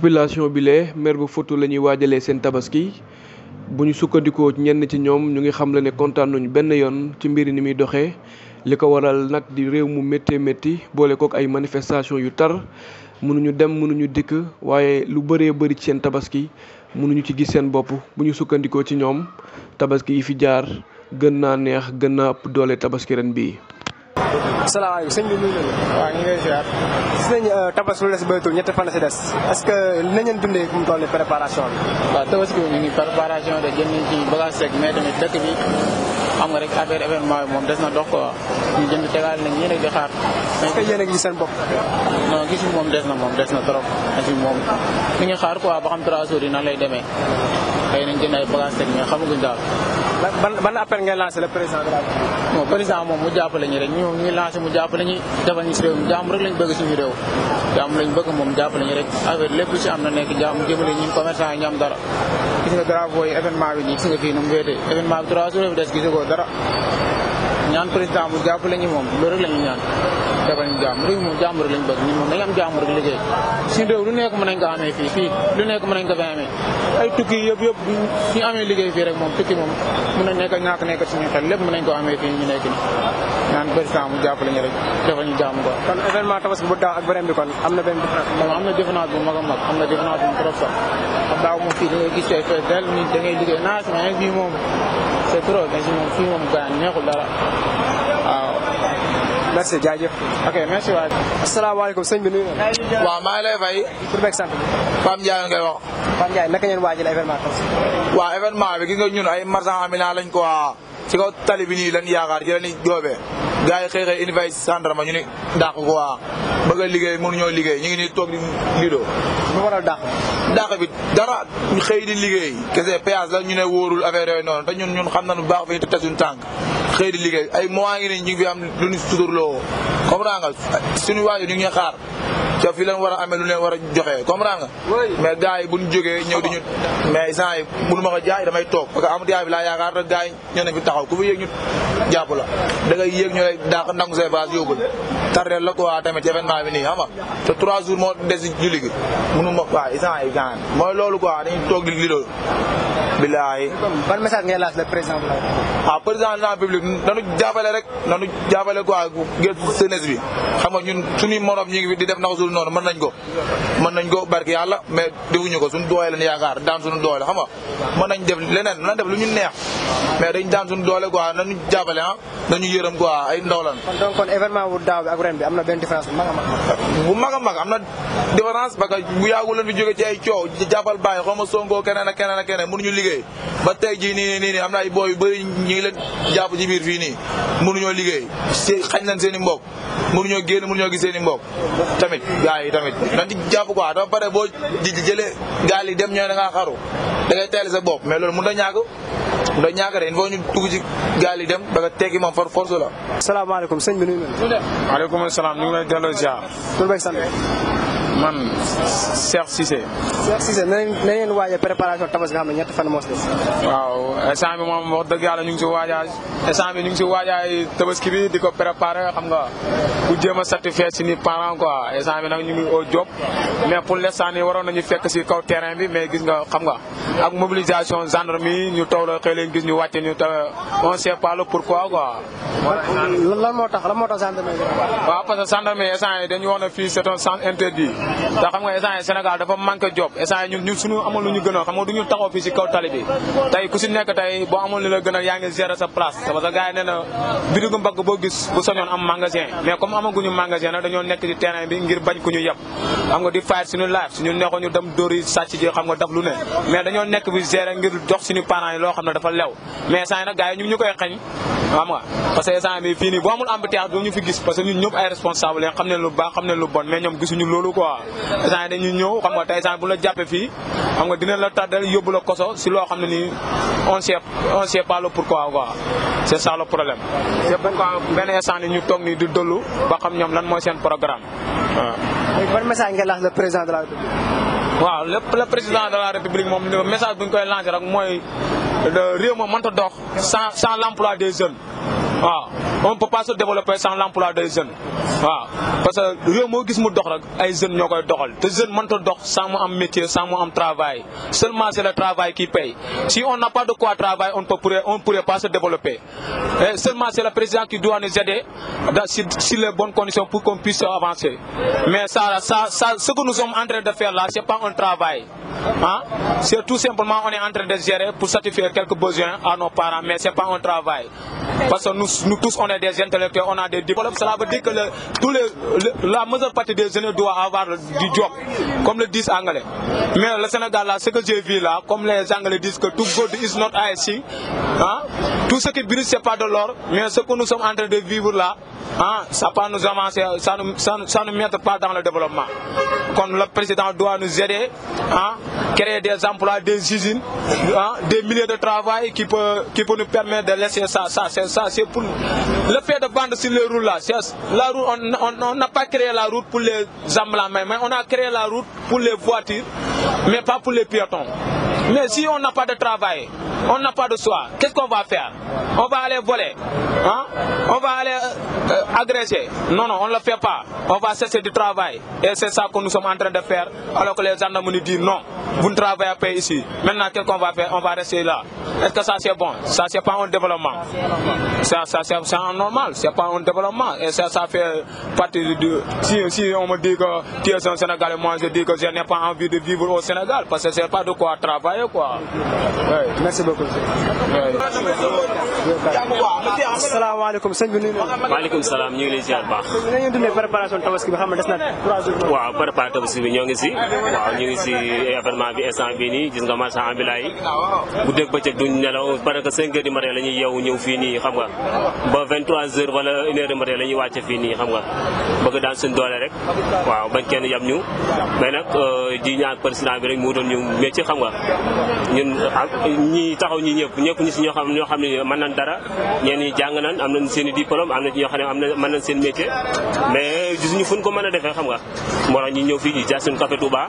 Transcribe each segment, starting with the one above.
population bi lee maire bu Fouta la ñuy waajalee seen tabaski bu ñu sukkandikoo ñenn ci ñoom ñu ngi xam la ne kontaan nañu benn yoon ci mbir yi ni muy doxee li ko waral nag di réew mu méttee métti boole kook ay manifestation yu tar mënuñu dem mënuñu dikk waaye lu bëree bëri ci seen tabaski mënuñu ci gis seen bopp bu ñu sukkandikoo ci ñoom tabaski yi fi jaar gën naa neex gën naa ëpp doole tabaski ren bii. salaamaaleykum sëñ bi nuyu nañu waaw ñu ngi lay ziar. gis nañu lu euh, des baytul ñetti fan si des est-ce que nañ leen dundee mu toll préparation bi. waaw bi ñu ngi préparation de nañ ci bagage sec mais tamit dëkk bi. xam nga rek affaire événement bi moom des na dox quoi ñu jënd tegaale nañ yéen a di xaar. est na moom teg de la République. bon président moom mu jàppale ñu rek ñu ñuy lancé mu jàppale ñu defal ñu si réew mi jàmm bëgg moom jàppale ñu rek affaire lépp si am na nekk jàmm jëmale ñun commerçant yi ñu am dara gis nga drapeau événement bi nii gis nga fii nu mu wéetee événement trois jours yi des gisagoo dara ñaan président bu jàppale ñu moom loolu rek la ñuy ñaan defal ñu jàmm rek lañ bëgg ñun moom nañ am jàmm rek liggéey suñu lu nekk mën nañ ko ko amee fii ñu nekk ñaan président mu jàppale ñu rek ñu jàmm quoi kon événement tabaski bu daaw na benn différence moom am a mag am na différence bu trop sax xam daaw moom fii da ngay gis ay fees del ni da ngay liggéey naa sama bii moom de trop mais si moom fii moom gaañ neexul dara waaw. merci jaajëf. ok merci waay. asalaamaaleykum sëñ bi nuyu na. waaw maa ngi lay fay. pour beeg sant bi. Pam Ndiaye ngay wax. Pam Ndiaye naka ngeen waajal événement bi. waaw événement bi gis nga ñun ay marchands ambulants lañ quoi ci kaw tali bi nii lan yaakaar ci la ñuy joobee. gars yi xëy xëy invité gendarme ñu ni dàq ko waa ba a liggéey mënuñoo liggéey ñu ngi ni toog di lido lu waral dàq dàq bi dara xëy di liggéey kese péage la ñu ne wóorul affaire yooyu noonu te ñun ñun xam na bu baax fi ñu teg suñu tànk xëy di liggéey ay mois ngi ni ñu ngi fi am lu ñu suturloo comprends nga suñu waajur ñu ngi xaar te fi leen war a amee lu leen war a joxe comprendre nga. mais gars yi bu ñu jógee ñëw di ñu. mais gens yi mënu ma ko jaay damay toog parce que amatu yaay laa yaakaar rek gars yi ñoo ne fi taxaw ku fi yéeg ñu jàpp la da ngay yéeg ñu lay dàq nangu say base yóbbul tardeel la quoi tamit ci événement bi nii xam te trois jours moo des julli gi mënu ma waaw a yi gaañ mooy loolu quoi dañuy toog di li loolu. billaahi. ban message ngay laaj le président de la République. ah président de la République nanu jàppale rek nanu jàppale quoi gën jeunesse bi xam nga ñun suñuy morom di def naka suñu noonu mën nañ ko. mën nañ ko barke yàlla mais defuñu ko suñu doole lañ yaakaar daan suñu doole xam nga nañ def leneen mën def lu ñu neex mais dañ daan suñu doole quoi nanu jàppale ah. ñu yërëm ko ay ndaw lan. kon donc kon événement wu daaw bi ak benn différence bu mag a mag. a am na différence parce que bu yàggul leen fi jóge ci ay coow jàppal bàyyi xom ma Sonko keneen ak keneen ak keneen mënuñu liggéey ba tey jii nii nii nii am na ay booy yu bëri ñu ngi leen jàpp ci biir fii nii mënuñoo liggéey si xañ nañ seen i mbokk mënuñoo génn mënuñoo gis seen i tamit gars yi tamit nañ ci jàpp quoi pare boo jëlee gaal dem ñooy da ngaa xaru da ngay teel sa bopp mais loolu mun na ñàkk ndax ñaaka de il faut ñu dugg ci gaal yi dem da nga teggi moom par force la. salaamaaleykum sëñ bi nuyu nañu. maaleykum salaam ñu ngi lay delloo ziar. tur beeg sant. man Cheikh Cissé. Cheikh Cissé na ngeen waaj a préparation tabaski nga xam ne ñetti fan moo si waaw instant bi moom wax dëgg yàlla ñu ngi si waajaay instant bi ñu ngi si waajaay tabaski bi di ko préparé xam nga ku jéem a satisfaire si ni parents quoi instant bi nag ñu ngi au job mais pour l'instant nii waroon ñu fekk si kaw terrain bi mais gis nga xam nga ak mobilisation mi ñu toog la xëy gis ñu wàcce ñu ta on sait pas le pourquoi quoi. lan moo tax lan moo tax gendarmerie. waaw parce que gendarmerie instant yii dañu wax topp instant ñun ñun amoon lu ñu gënal xam nga du ñu taxaw fii si kaw tali bi tey ku si nekk tey boo amoon lu la gënal yaa ngi gérer sa place parce que gars yi nee na bitigu mbagg boo gis bu soñoon am magasin mais comme amaguñu magasin nag dañoo nekk ci terrain bi ngir bañ ku ñu yeb xam nga di fayet suñu live suñu neexoon ñu dem dóor yi sàcc ji xam nga daf lu ne mais dañoo nekk bi gérer ngir jox suñu parents yi loo xam ne dafa lew mais instant yi nag gars xam nga parce que instant bi fii nii boo amul embouteillage doo ñu fi gis parce que ñun ñëpp ay responsable lañ xam ne lu baax xam ne lu bon mais ñoom gisuñu loolu quoi instant dañuy ñëw xam nga tey instant bu la jàppee fii xam nga dina la tàddal yóbbu la koso si loo xam ne nii on sait on sait pas le pourquoi quoi c' est ça le problème c' pourquoi benn instant ñu toog nii di dollu ba xam ñoom lan mooy seen programme waaw. ban message nga laaj le président de la république. waaw le président de la république moom message bu koy lancé rek mooy. le ma sans sans l'emploi des jeunes on on peut pas se développer sans l'emploi des jeunes parce que le jeunes sans métier sans travail seulement c'est le travail qui paye si on n'a pas de quoi travailler on peut pourrait on pourrait pas se développer seulement c'est le président qui doit nous aider dans si, les bonnes conditions pour qu'on puisse avancer mais ça ça ça ce que nous sommes en train de faire là c'est pas un travail Hein? C'est tout simplement on est en train de gérer pour satisfaire quelques besoins à nos parents, mais ce n'est pas un travail. Parce que nous, nous, tous, on est des intellectuels, on a des diplômes. Cela veut dire que la majeure partie des jeunes doit avoir du job, comme le disent anglais. Mais le Sénégal, ce que j'ai vu là, comme les anglais disent que tout good is not IC, hein? tout ce qui brûle ce n'est pas de l'or, mais ce que nous sommes en train de vivre là, hein, ça nous avancer, ça ne nous, ça, nous met pas dans le développement. Comme le président doit nous aider, hein, créer des emplois, des usines, hein, des milliers de travail qui peut, nous permettre de laisser ça, ça, c'est ça, c'est pour Le fait de vendre sur les roues là, on n'a pas créé la route pour les emblaments, mais hein. on a créé la route pour les voitures, mais pas pour les piétons. Mais si on n'a pas de travail, on n'a pas de soi, qu'est-ce qu'on va faire On va aller voler, hein? on va aller euh, agresser. Non, non, on ne le fait pas. On va cesser du travail. Et c'est ça que nous sommes en train de faire, alors que les gendarmes disent non, vous ne travaillez pas ici. Maintenant, qu'est-ce qu'on va faire On va rester là. Est-ce que ça c'est bon Ça c'est pas un développement. Ça, ça c'est normal, c'est pas un développement. Et ça, ça fait partie de... Si, on me dit que tu es un Sénégal, moi je dis que je n'ai pas envie de vivre au Sénégal, parce que c'est pas de quoi travailler. travailler quoi. oui merci beaucoup. maaleykum salaam ñu ngi lay ziar baax. na ngeen dundee na trois waaw préparation tabaski bi ñoo ngi si. waaw ñu ngi si événement bi instant bii ni gis nga marchand ambulant yi. bu dégg bëccëg duñ nelaw parce que cinq heures du matin la ñuy yeewu ñëw fii nii xam nga ba heures wala une heure du matin la ñuy wàcce fii nii xam nga. bëgg daan suñ doole rek waaw bañ kenn yam ñu mais nag euh, di ñaan président bi rek mu doon ñu métier xam nga ñun ñi taxaw ñi ñëpp ñëpp ñu si ñoo xam ñoo xam ne mën nañ dara ñeen ñi jàng nañ am nañ seen i diplôme am na ci ñoo xam ne am na mën nañ seen métier mais gisuñu fuñ ko mën a defee xam nga moo tax ñi ñëw fii di jaay suñu café Touba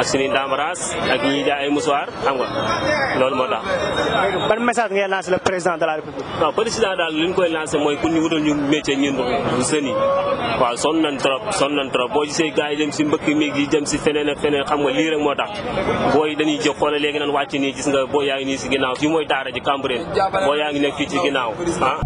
ak suñu ndamaraas ak ñi jaay ay mouchoir xam nga loolu moo la ban message ngay lancé la président de la république waaw président daal li ñu koy lancé mooy pour ñu wutal ñu métier ñun seen waaw sonn nañ trop sonn nañ trop boo gisee gars si mbëkk mi gi jëm si feneen ak feneen xam nga lii rek moo tax booy dañuy jóg xoolal léegi wàcc nii gis nga boo yaa ngi nii si ginnaaw fii mooy daara ji Cambérène boo yaa ngi nekk fii ci ginnaaw ah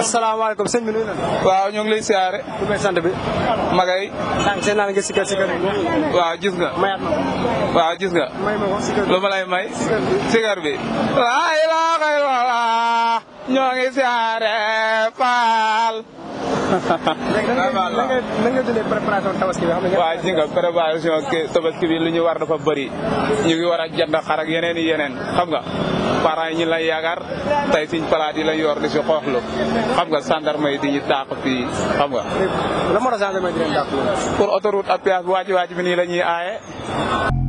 Assalamualaikum sëñ bi nuyu na waaw ñoo ngi lay siyaare bu may sant bi magay sànq seen naa la nga sikkar sikkar waaw gis nga mayaat ma waaw gis nga may ma ko sikkar lu ma lay may sikkar bi laa ilaaha illallaah ñoo ngi siyaare faal léegi nan ngay nan ngay dundee lu parents yi ñu lay yaakaar tey suñ palaat yi lañ yor di si xooxlu xam nga gendarme yi di ñu tàq fii xam nga. la moo tax gendarme yi di leen tàq pour autoroute ak péage bu wàcc wàcc bi nii la ñuy aaye.